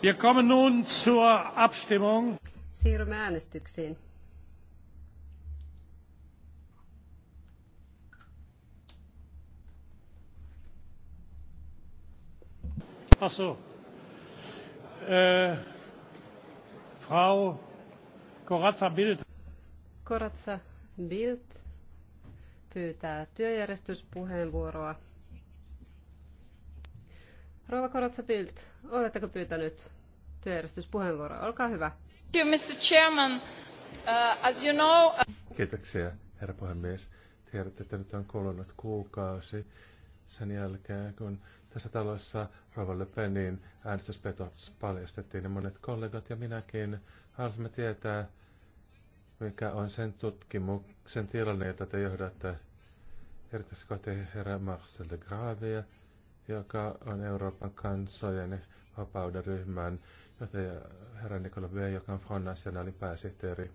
Wir kommen nun zur Abstimmung. Siirrymme äänestyksiin. Ach so. Äh, Frau Corazza Bild. Corazza Bild pyytää työjärjestyspuheenvuoroa. Rouva Koratsa Bild, oletteko pyytänyt työjärjestyspuheenvuoro. Olkaa hyvä. Uh, uh, Kiitoksia, herra puhemies. Tiedätte, että nyt on kulunut kuukausi sen jälkeen, kun tässä talossa Rova Le Penin äänestyspetot paljastettiin, niin monet kollegat ja minäkin halusimme tietää, mikä on sen tutkimuksen tilanne, jota te johdatte erityisesti kohti herra Marcel de Gravia, joka on Euroopan kansojen vapauden ryhmän johtaja eh, herra Nikola V, joka on Front Nationalin pääsihteeri.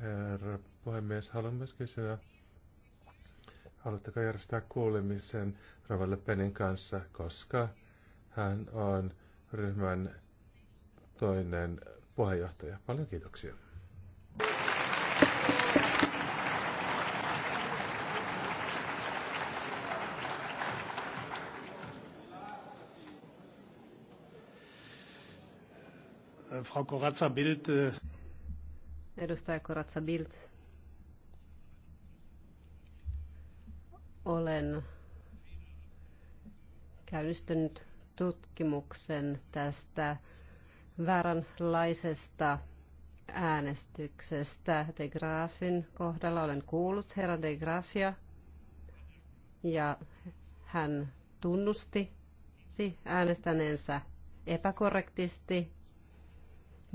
Herra puhemies, haluan myös kysyä, haluatteko järjestää kuulemisen Ravalle Penin kanssa, koska hän on ryhmän toinen puheenjohtaja. Paljon kiitoksia. Frau Corazza Bild. Äh, Edustaja Corazza Bild. Olen käynnistänyt tutkimuksen tästä vääränlaisesta äänestyksestä de Graafin kohdalla. Olen kuullut herra de Graafia ja hän tunnusti äänestäneensä epäkorrektisti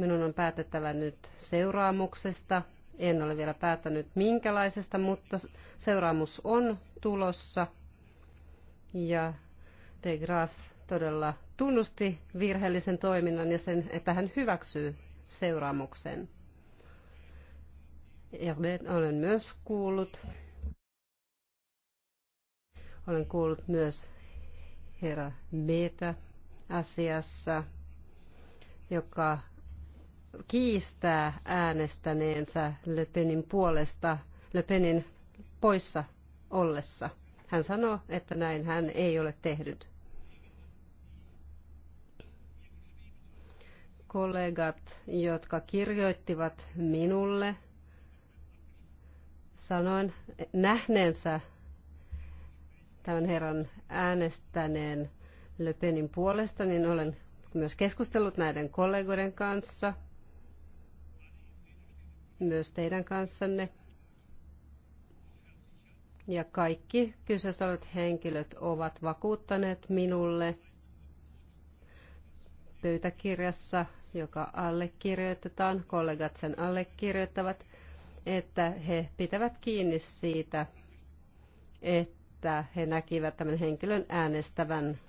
Minun on päätettävä nyt seuraamuksesta. En ole vielä päättänyt minkälaisesta, mutta seuraamus on tulossa. Ja de Graaf todella tunnusti virheellisen toiminnan ja sen, että hän hyväksyy seuraamuksen. Ja olen myös kuullut, olen kuullut myös herra Meetä asiassa, joka kiistää äänestäneensä Le Penin puolesta Le Penin poissa ollessa. Hän sanoo, että näin hän ei ole tehnyt. Kollegat, jotka kirjoittivat minulle, sanoin nähneensä tämän herran äänestäneen Le Penin puolesta, niin olen myös keskustellut näiden kollegoiden kanssa – myös teidän kanssanne. Ja kaikki kyseessä olevat henkilöt ovat vakuuttaneet minulle pöytäkirjassa, joka allekirjoitetaan, kollegat sen allekirjoittavat, että he pitävät kiinni siitä, että he näkivät tämän henkilön äänestävän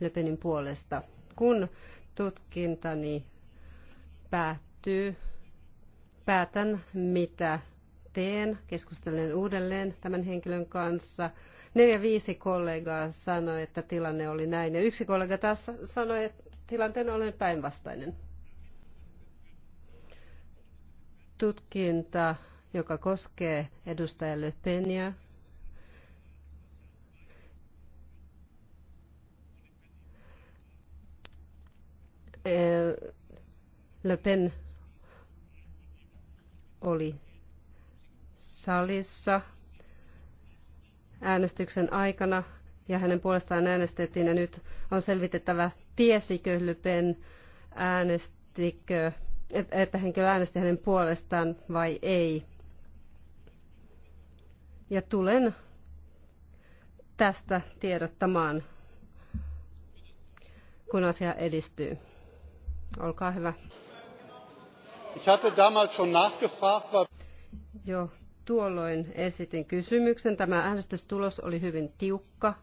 Löpenin puolesta. Kun tutkintani päättyy, päätän, mitä teen. Keskustelen uudelleen tämän henkilön kanssa. Neljä viisi kollegaa sanoi, että tilanne oli näin. Ja yksi kollega taas sanoi, että tilanteen olen päinvastainen. Tutkinta, joka koskee edustaja Le Penia, eh, Le Pen oli salissa äänestyksen aikana ja hänen puolestaan äänestettiin ja nyt on selvitettävä, tiesikö Lypen äänestikö, että henkilö äänesti hänen puolestaan vai ei. Ja tulen tästä tiedottamaan, kun asia edistyy. Olkaa hyvä. Jo tuolloin esitin kysymyksen. Tämä äänestystulos oli hyvin tiukka.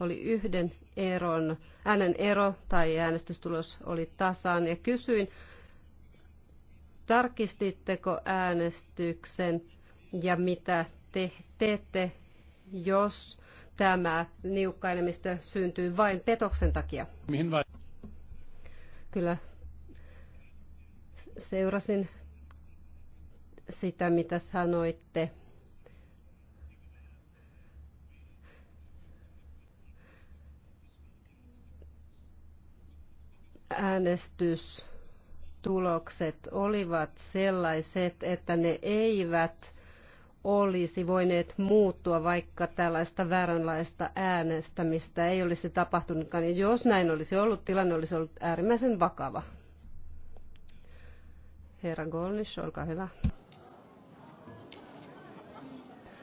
Oli yhden eron, äänen ero tai äänestystulos oli tasaan ja kysyin, tarkistitteko äänestyksen ja mitä te teette, jos tämä niukka enemmistö syntyy vain petoksen takia. Mihin vai? Kyllä seurasin sitä, mitä sanoitte. Äänestystulokset olivat sellaiset, että ne eivät olisi voineet muuttua, vaikka tällaista vääränlaista äänestämistä ei olisi tapahtunutkaan. Ja jos näin olisi ollut, tilanne olisi ollut äärimmäisen vakava. Herra Gollis, olkaa hyvä.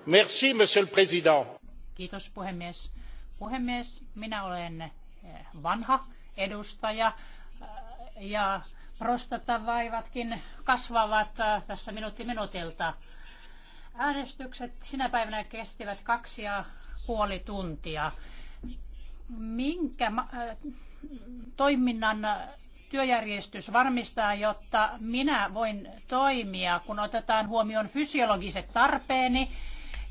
Merci, monsieur le président. Kiitos puhemies. Puhemies, minä olen eh, vanha edustaja eh, ja prostatavaivatkin kasvavat eh, tässä minuutti minuutilta. Äänestykset sinä päivänä kestivät kaksi ja puoli tuntia. Minkä toiminnan työjärjestys varmistaa, jotta minä voin toimia, kun otetaan huomioon fysiologiset tarpeeni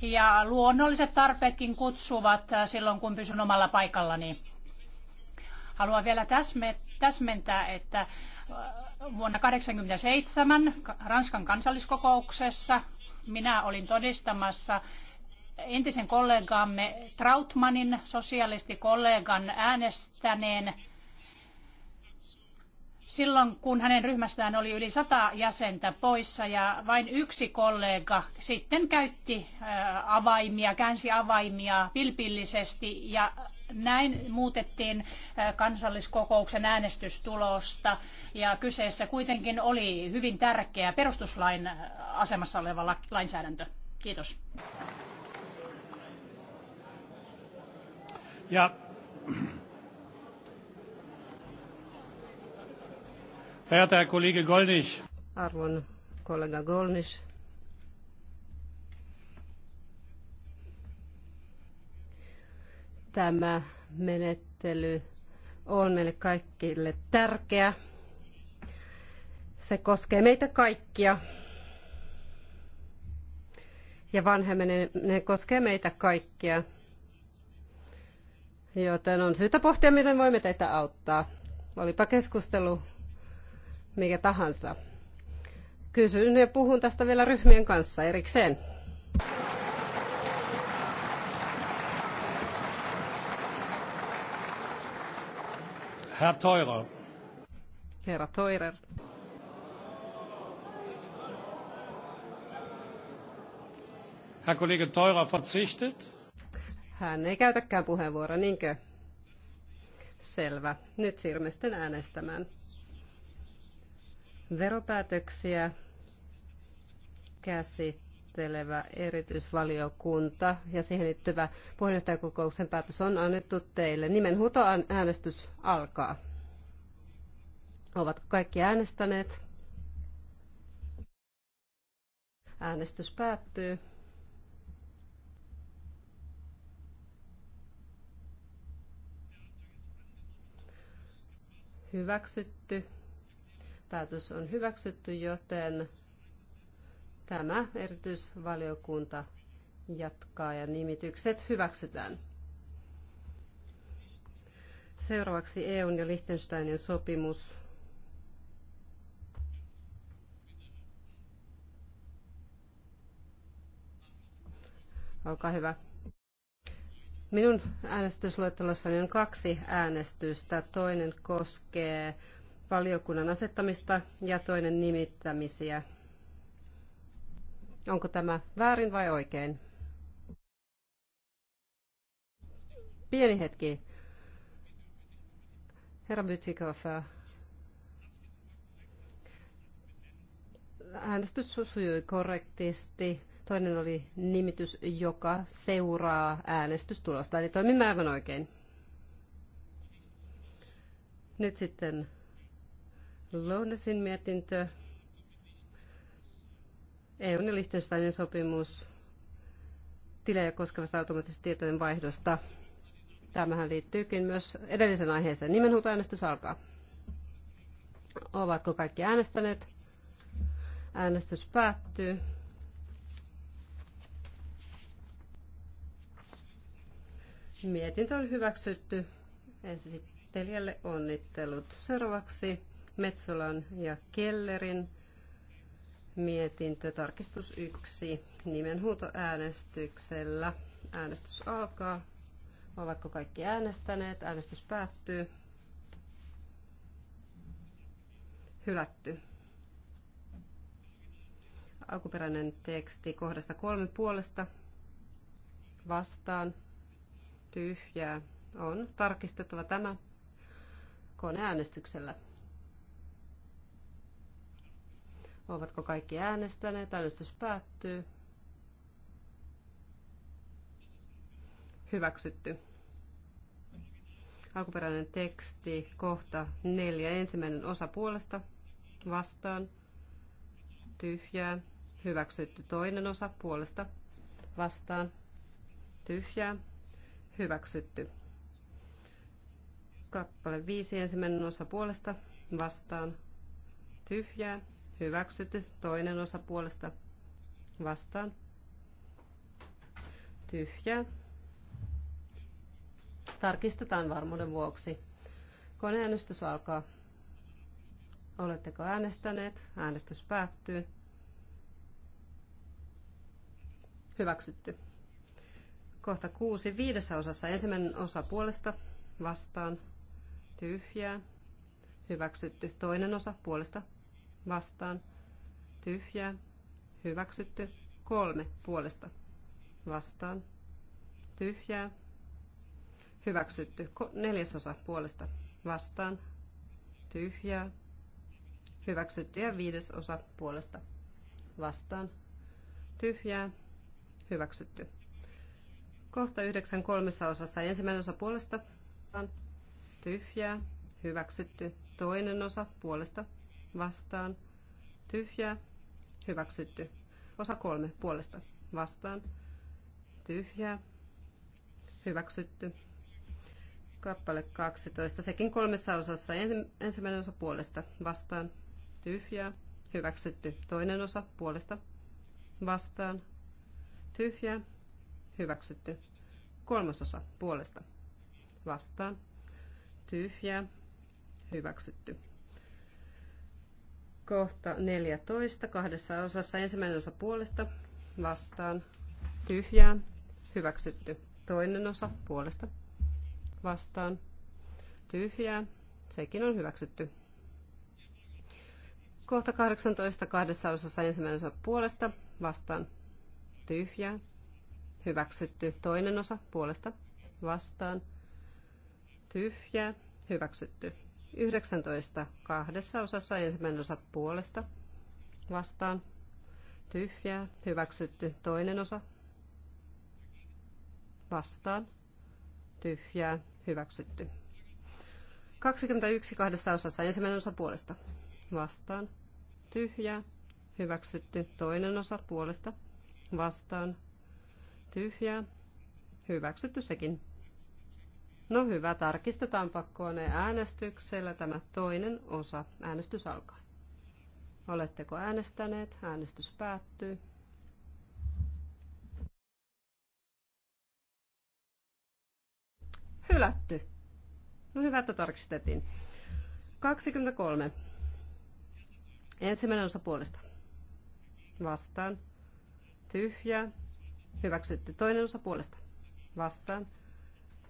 ja luonnolliset tarpeetkin kutsuvat äh, silloin, kun pysyn omalla paikallani. Haluan vielä täsmentää, että äh, vuonna 1987 Ranskan kansalliskokouksessa minä olin todistamassa entisen kollegamme Trautmanin, sosialistikollegan äänestäneen silloin, kun hänen ryhmästään oli yli sata jäsentä poissa ja vain yksi kollega sitten käytti avaimia, käänsi avaimia vilpillisesti ja näin muutettiin kansalliskokouksen äänestystulosta ja kyseessä kuitenkin oli hyvin tärkeä perustuslain asemassa oleva lainsäädäntö. Kiitos. Ja Verehrter Herr Kollege Gollnisch. Arvon kollega Gollnisch. Tämä menettely on meille kaikille tärkeä. Se koskee meitä kaikkia. Ja ne koskee meitä kaikkia. Joten on syytä pohtia, miten voimme teitä auttaa. Olipa keskustelu mikä tahansa. Kysyn ja puhun tästä vielä ryhmien kanssa erikseen. Herr Teurer. Herra Teurer. Herr Kollege Teurer verzichtet. Hän ei käytäkään puheenvuoroa, niinkö? Selvä. Nyt siirrymme sitten äänestämään. Veropäätöksiä käsittelevä erityisvaliokunta ja siihen liittyvä puheenjohtajakokouksen päätös on annettu teille. Nimen äänestys alkaa. Ovatko kaikki äänestäneet? Äänestys päättyy. Hyväksytty. Päätös on hyväksytty, joten tämä erityisvaliokunta jatkaa ja nimitykset hyväksytään. Seuraavaksi EUn ja Liechtensteinin sopimus Olkaa hyvä. Minun äänestysluettelossani on kaksi äänestystä. Toinen koskee valiokunnan asettamista ja toinen nimittämisiä. Onko tämä väärin vai oikein? Pieni hetki. Herra Bytsikoffer. Äh, äänestys sujui korrektisti. Toinen oli nimitys, joka seuraa äänestystulosta. Eli toimimme aivan oikein. Nyt sitten Lounasin mietintö, EUn ja Liechtensteinin sopimus tilejä koskevasta automaattisesta tietojen vaihdosta. Tämähän liittyykin myös edellisen aiheeseen. Nimenhuutoäänestys alkaa. Ovatko kaikki äänestäneet? Äänestys päättyy. Mietintö on hyväksytty. Esittelijälle onnittelut. Seuraavaksi Metsolan ja Kellerin mietintö tarkistus 1 äänestyksellä. Äänestys alkaa. Ovatko kaikki äänestäneet? Äänestys päättyy. Hylätty. Alkuperäinen teksti kohdasta kolme puolesta. Vastaan. Tyhjää. On tarkistettava tämä koneäänestyksellä. Ovatko kaikki äänestäneet? Äänestys päättyy. Hyväksytty. Alkuperäinen teksti, kohta neljä, ensimmäinen osa puolesta, vastaan, tyhjää, hyväksytty toinen osa puolesta, vastaan, tyhjää, hyväksytty. Kappale viisi ensimmäinen osa puolesta, vastaan, tyhjää, Hyväksytty. Toinen osa puolesta vastaan. Tyhjää. Tarkistetaan varmuuden vuoksi. Koneäänestys alkaa. Oletteko äänestäneet? Äänestys päättyy. Hyväksytty. Kohta kuusi. Viidessä osassa ensimmäinen osa puolesta vastaan. Tyhjää. Hyväksytty. Toinen osa puolesta vastaan, tyhjää, hyväksytty, kolme puolesta, vastaan, tyhjää, hyväksytty, neljäsosa puolesta, vastaan, tyhjää, hyväksytty ja viidesosa puolesta, vastaan, tyhjää, hyväksytty. Kohta yhdeksän kolmessa osassa ensimmäinen osa puolesta, tyhjää, hyväksytty, toinen osa puolesta, vastaan, tyhjää, hyväksytty. Osa kolme puolesta vastaan, tyhjää, hyväksytty. Kappale 12, sekin kolmessa osassa. Ensimmäinen osa puolesta vastaan, tyhjää, hyväksytty. Toinen osa puolesta vastaan, tyhjää, hyväksytty. osa puolesta vastaan, tyhjää, hyväksytty. Kohta 14 kahdessa osassa. Ensimmäinen osa puolesta vastaan tyhjää hyväksytty. Toinen osa puolesta vastaan tyhjää. Sekin on hyväksytty. Kohta 18 kahdessa osassa ensimmäinen osa puolesta vastaan tyhjää. Hyväksytty. Toinen osa puolesta vastaan tyhjää. Hyväksytty. 19 kahdessa osassa ensimmäinen osa puolesta vastaan tyhjää hyväksytty toinen osa vastaan tyhjää hyväksytty. 21 kahdessa osassa ensimmäinen osa puolesta vastaan tyhjää hyväksytty toinen osa puolesta vastaan tyhjää hyväksytty sekin No hyvä, tarkistetaan koneen äänestyksellä tämä toinen osa. Äänestys alkaa. Oletteko äänestäneet? Äänestys päättyy. Hylätty. No hyvä, että tarkistettiin. 23. Ensimmäinen osa puolesta. Vastaan. Tyhjä. Hyväksytty. Toinen osa puolesta. Vastaan.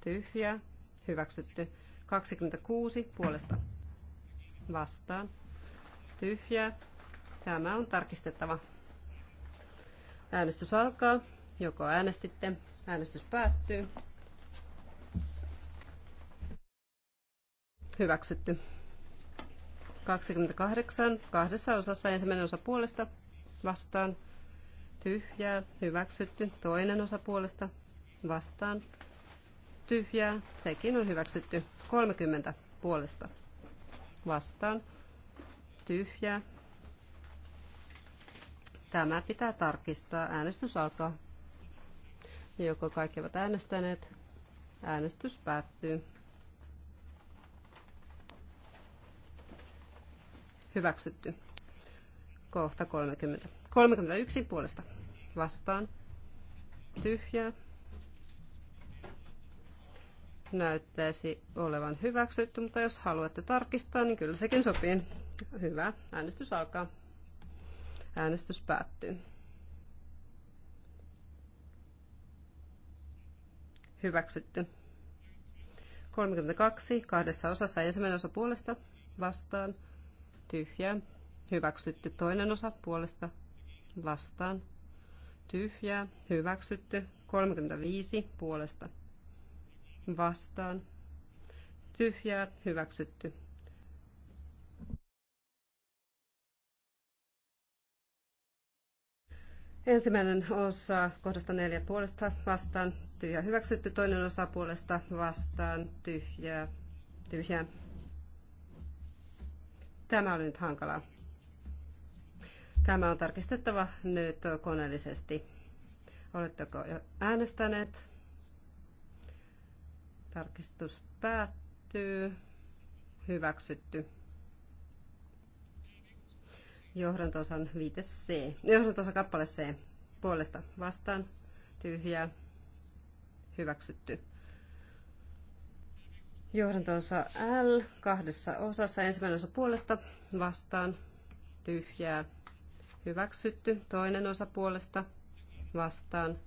Tyhjä hyväksytty. 26 puolesta vastaan, tyhjää. Tämä on tarkistettava. Äänestys alkaa. Joko äänestitte? Äänestys päättyy. Hyväksytty. 28. Kahdessa osassa ensimmäinen osa puolesta vastaan. Tyhjää. Hyväksytty. Toinen osa puolesta vastaan tyhjää, sekin on hyväksytty. 30 puolesta vastaan, tyhjää. Tämä pitää tarkistaa. Äänestys alkaa. Joko kaikki ovat äänestäneet? Äänestys päättyy. Hyväksytty. Kohta 30. 31 puolesta vastaan. Tyhjää näyttäisi olevan hyväksytty, mutta jos haluatte tarkistaa, niin kyllä sekin sopii. Hyvä. Äänestys alkaa. Äänestys päättyy. Hyväksytty. 32. Kahdessa osassa ensimmäinen osa puolesta vastaan. Tyhjää. Hyväksytty. Toinen osa puolesta vastaan. Tyhjää. Hyväksytty. 35 puolesta vastaan, tyhjää, hyväksytty. Ensimmäinen osa kohdasta neljä puolesta vastaan, tyhjä hyväksytty. Toinen osa puolesta vastaan, tyhjää, tyhjää. Tämä oli nyt hankalaa. Tämä on tarkistettava nyt koneellisesti. Oletteko jo äänestäneet? Tarkistus päättyy. Hyväksytty. Johdantosan viite C. Johdantosan kappale C. Puolesta vastaan. Tyhjää. Hyväksytty. Johdantosa L kahdessa osassa. Ensimmäinen osa puolesta vastaan. Tyhjää. Hyväksytty. Toinen osa puolesta vastaan.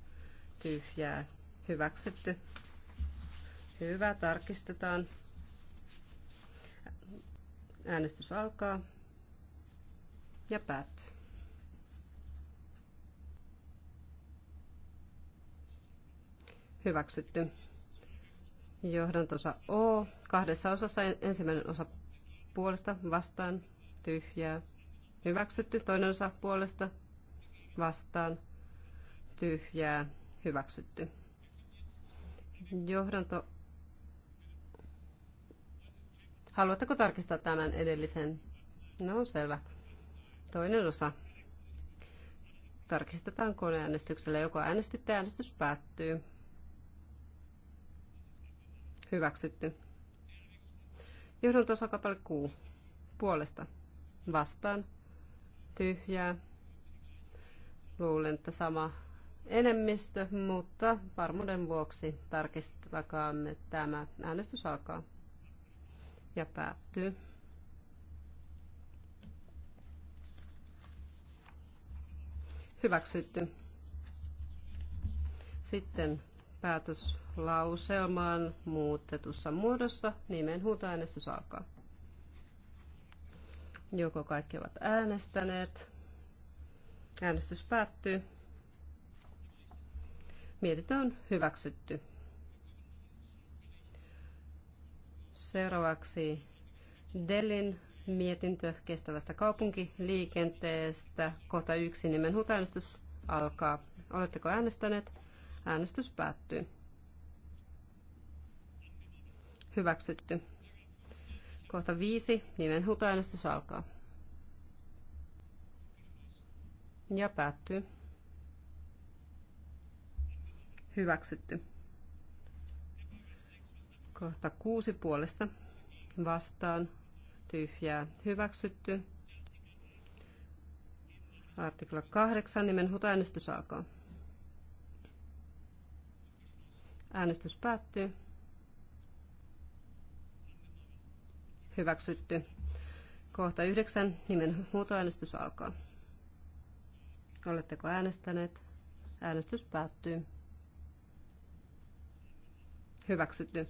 Tyhjää. Hyväksytty. Hyvä, tarkistetaan. Äänestys alkaa ja päättyy. Hyväksytty. Johdantosa O. Kahdessa osassa ensimmäinen osa puolesta vastaan tyhjää. Hyväksytty. Toinen osa puolesta vastaan tyhjää. Hyväksytty. Johdanto Haluatteko tarkistaa tämän edellisen? No selvä. Toinen osa. Tarkistetaan koneäänestyksellä. Joko äänestitte, äänestys päättyy. Hyväksytty. Johdantosakapalle Q. Puolesta. Vastaan. Tyhjää. Luulen, että sama enemmistö, mutta varmuuden vuoksi tarkistakaamme tämä. Äänestys alkaa ja päättyy. Hyväksytty. Sitten päätöslauselmaan muutetussa muodossa nimen huutoäänestys alkaa. Joko kaikki ovat äänestäneet? Äänestys päättyy. Mietintö on hyväksytty. Seuraavaksi Delin mietintö kestävästä kaupunkiliikenteestä. Kohta yksi nimen äänestys alkaa. Oletteko äänestäneet? Äänestys päättyy. Hyväksytty. Kohta viisi nimen äänestys alkaa. Ja päättyy. Hyväksytty. Kohta kuusi puolesta vastaan tyhjää hyväksytty. Artikla 8, nimen äänestys alkaa. Äänestys päättyy. Hyväksytty. Kohta 9, nimen äänestys alkaa. Oletteko äänestäneet? Äänestys päättyy. Hyväksytty.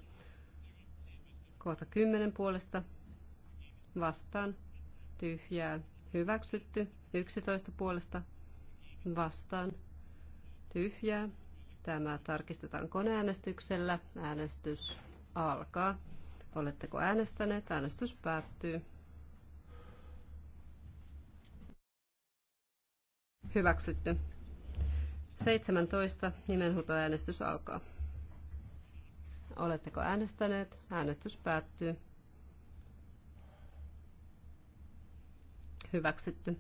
Kohta 10 puolesta vastaan tyhjää hyväksytty. 11 puolesta vastaan tyhjää. Tämä tarkistetaan koneäänestyksellä. Äänestys alkaa. Oletteko äänestäneet? Äänestys päättyy. Hyväksytty. 17. Nimenhuutoäänestys alkaa. Oletteko äänestäneet? Äänestys päättyy. Hyväksytty.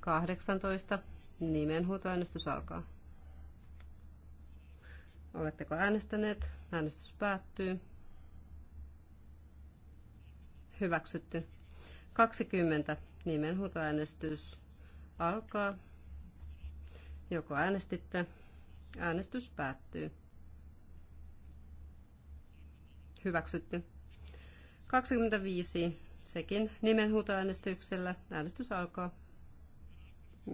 18. Nimenhuutoäänestys alkaa. Oletteko äänestäneet? Äänestys päättyy. Hyväksytty. 20. Nimenhuutoäänestys alkaa. Joko äänestitte? Äänestys päättyy hyväksytty. 25, sekin nimenhuutoäänestyksellä. Äänestys alkaa.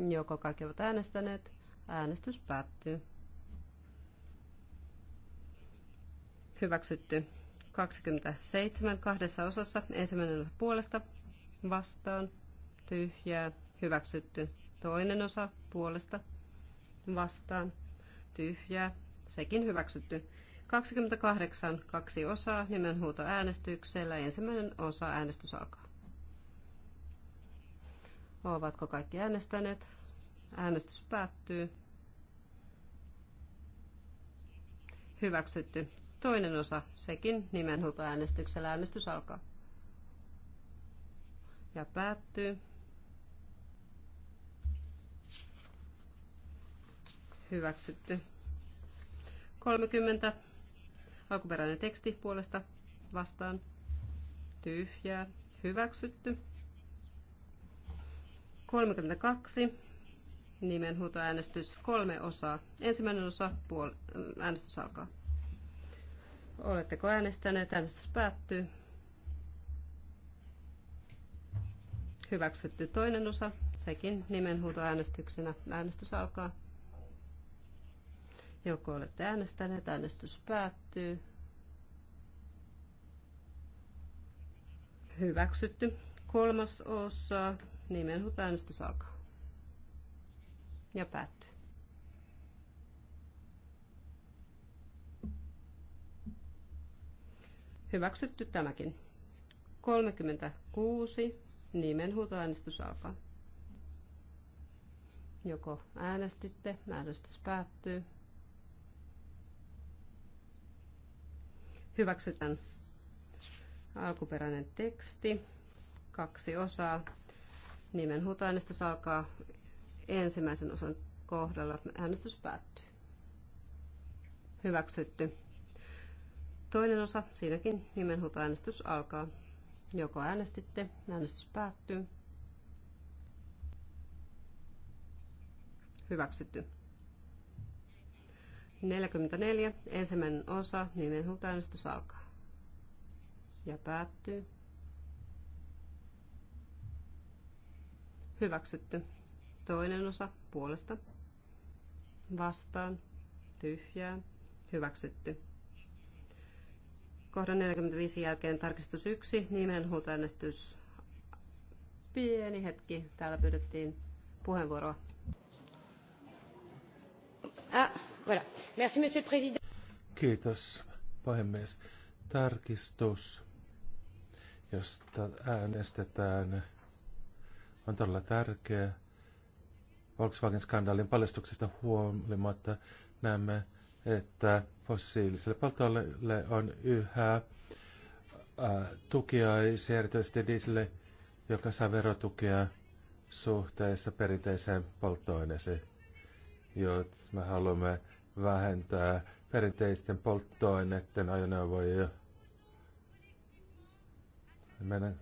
Joko kaikki ovat äänestäneet? Äänestys päättyy. Hyväksytty. 27 kahdessa osassa. Ensimmäinen osa puolesta vastaan. Tyhjää. Hyväksytty. Toinen osa puolesta vastaan. Tyhjää. Sekin hyväksytty. 28, kaksi osaa, nimenhuuto äänestyksellä. Ensimmäinen osa äänestys alkaa. Ovatko kaikki äänestäneet? Äänestys päättyy. Hyväksytty. Toinen osa, sekin nimenhuuto äänestyksellä. Äänestys alkaa. Ja päättyy. Hyväksytty. 30 Alkuperäinen teksti puolesta vastaan tyhjää hyväksytty. 32. Nimenhuutoäänestys kolme osaa. Ensimmäinen osa puol- äh, äänestys alkaa. Oletteko äänestäneet? Äänestys päättyy. Hyväksytty toinen osa, sekin nimenhuutoäänestyksenä. Äänestys alkaa. Joko olette äänestäneet, äänestys päättyy. Hyväksytty. Kolmas osa, nimenhuut äänestys alkaa. Ja päättyy. Hyväksytty tämäkin. 36. Nimenhuutoäänestys alkaa. Joko äänestitte, äänestys päättyy. Hyväksytään alkuperäinen teksti, kaksi osaa. Nimen huutoäänestys alkaa ensimmäisen osan kohdalla. Äänestys päättyy. Hyväksytty. Toinen osa, siinäkin nimenhuutoäänestys alkaa. Joko äänestitte, äänestys päättyy. Hyväksytty. 44. Ensimmäinen osa. Nimenhuutoäänestys alkaa. Ja päättyy. Hyväksytty. Toinen osa puolesta. Vastaan. Tyhjää. Hyväksytty. Kohdan 45 jälkeen tarkistus 1. Nimenhuutoäänestys. Pieni hetki. Täällä pyydettiin puheenvuoroa. Äh. Kiitos, puhemies. Tarkistus, josta äänestetään, on todella tärkeä. Volkswagen-skandaalin paljastuksesta huolimatta näemme, että fossiiliselle polttoaineelle on yhä äh, tukiaisia, erityisesti dieselille, joka saa verotukea suhteessa perinteiseen polttoaineeseen jos me haluamme vähentää perinteisten polttoaineiden ajoneuvoja. Meidän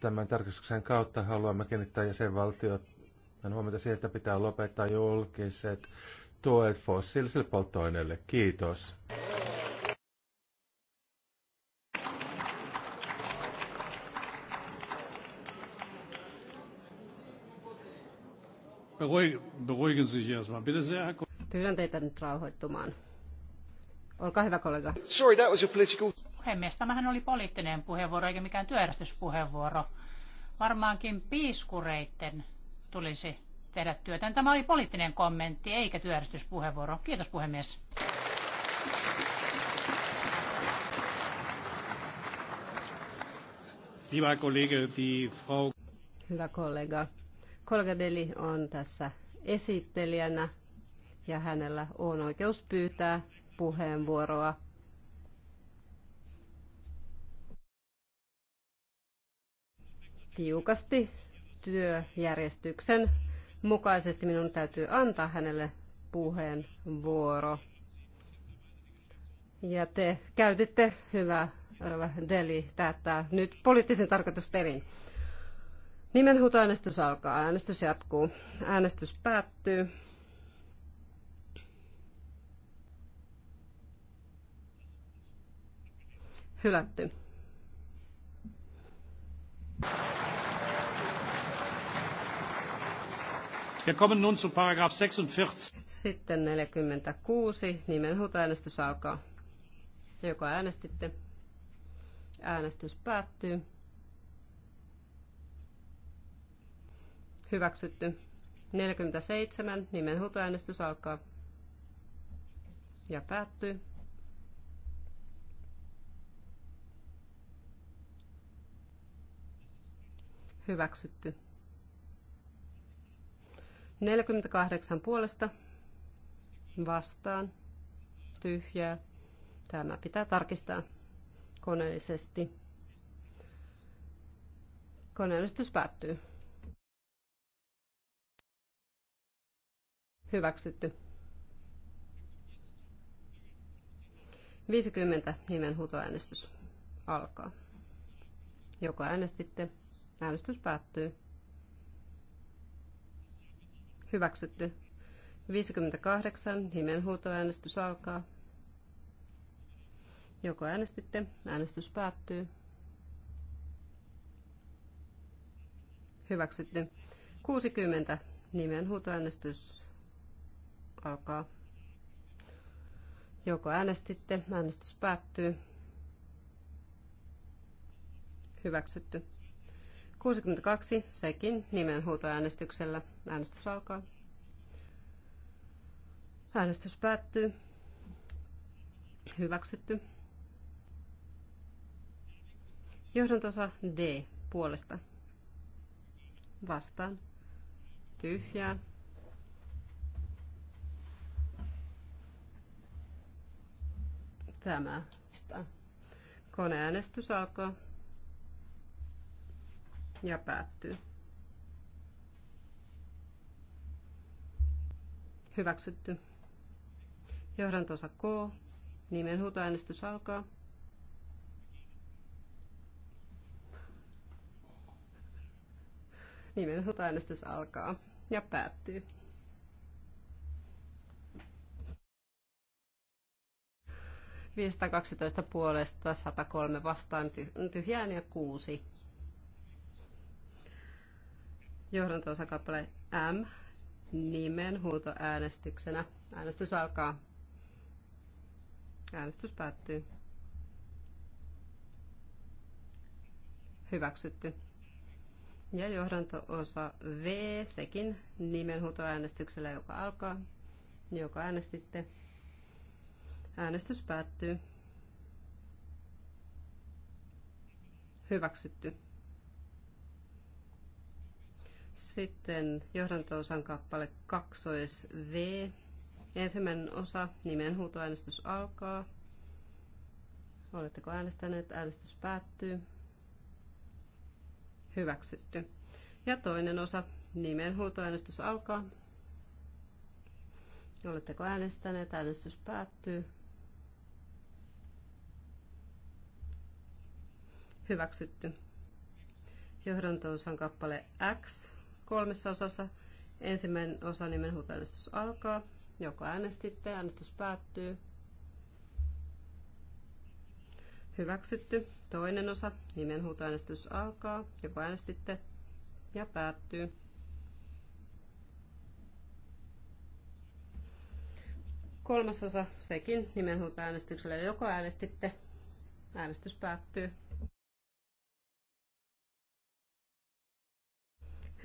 tämän tarkastuksen kautta haluamme kiinnittää jäsenvaltiot huomiota siihen, että pitää lopettaa julkiset tuet fossiilisille polttoaineille. Kiitos. Beruhigen Sie erstmal, bitte sehr. Pyydän teitä nyt rauhoittumaan. Olkaa hyvä kollega. Sorry, that was a political... Puhemies, tämähän oli poliittinen puheenvuoro eikä mikään työjärjestyspuheenvuoro. Varmaankin piiskureitten tulisi tehdä työtä. Tämä oli poliittinen kommentti eikä työjärjestyspuheenvuoro. Kiitos puhemies. Hyvä kollega, Kollega Deli on tässä esittelijänä ja hänellä on oikeus pyytää puheenvuoroa. Tiukasti työjärjestyksen mukaisesti minun täytyy antaa hänelle puheenvuoro. Ja te käytitte, hyvä Deli, tätä nyt poliittisen tarkoitusperin. Nimenhuutoäänestys alkaa. Äänestys jatkuu. Äänestys päättyy. Hylätty. Ja kommen nun zu paragraf 46. Sitten 46. Nimenhuutoäänestys alkaa. Joko äänestitte? Äänestys päättyy. Hyväksytty. 47. Nimenhuutoäänestys alkaa. Ja päättyy. Hyväksytty. 48 puolesta vastaan tyhjää. Tämä pitää tarkistaa koneellisesti. Koneellistus päättyy. Hyväksytty. 50 nimen huutoäänestys alkaa. Joko äänestitte? Äänestys päättyy. Hyväksytty. 58 nimen huutoäänestys alkaa. Joko äänestitte? Äänestys päättyy. Hyväksytty. 60 nimen huutoäänestys alkaa. Joko äänestitte, äänestys päättyy. Hyväksytty. 62, sekin nimenhuutoäänestyksellä. Äänestys alkaa. Äänestys päättyy. Hyväksytty. Johdantosa D puolesta. Vastaan. Tyhjää. tämä. Koneäänestys alkaa ja päättyy. Hyväksytty. Johdantosa K. Nimenhuutoäänestys alkaa. Nimenhuutoäänestys alkaa ja päättyy. 512 puolesta, 103 vastaan, tyhjään ja 6. Johdanto-osakappale M nimen äänestyksenä. Äänestys alkaa. Äänestys päättyy. Hyväksytty. Ja johdanto-osa V, sekin äänestyksellä, joka alkaa, joka äänestitte. Äänestys päättyy. Hyväksytty. Sitten johdantoosan kappale 2 V. Ensimmäinen osa, nimen huutoäänestys alkaa. Oletteko äänestäneet? Äänestys päättyy. Hyväksytty. Ja toinen osa, nimen huutoäänestys alkaa. Oletteko äänestäneet? Äänestys päättyy. hyväksytty. on kappale X kolmessa osassa. Ensimmäinen osa huutoäänestys alkaa. Joko äänestitte, äänestys päättyy. Hyväksytty. Toinen osa huutoäänestys alkaa. Joko äänestitte ja päättyy. Kolmas osa sekin nimenhuutoäänestyksellä. Joko äänestitte, äänestys päättyy.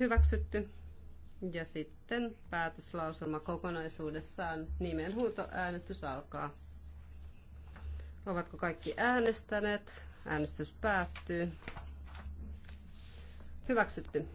hyväksytty. Ja sitten päätöslausuma kokonaisuudessaan nimenhuutoäänestys alkaa. Ovatko kaikki äänestäneet? Äänestys päättyy. Hyväksytty.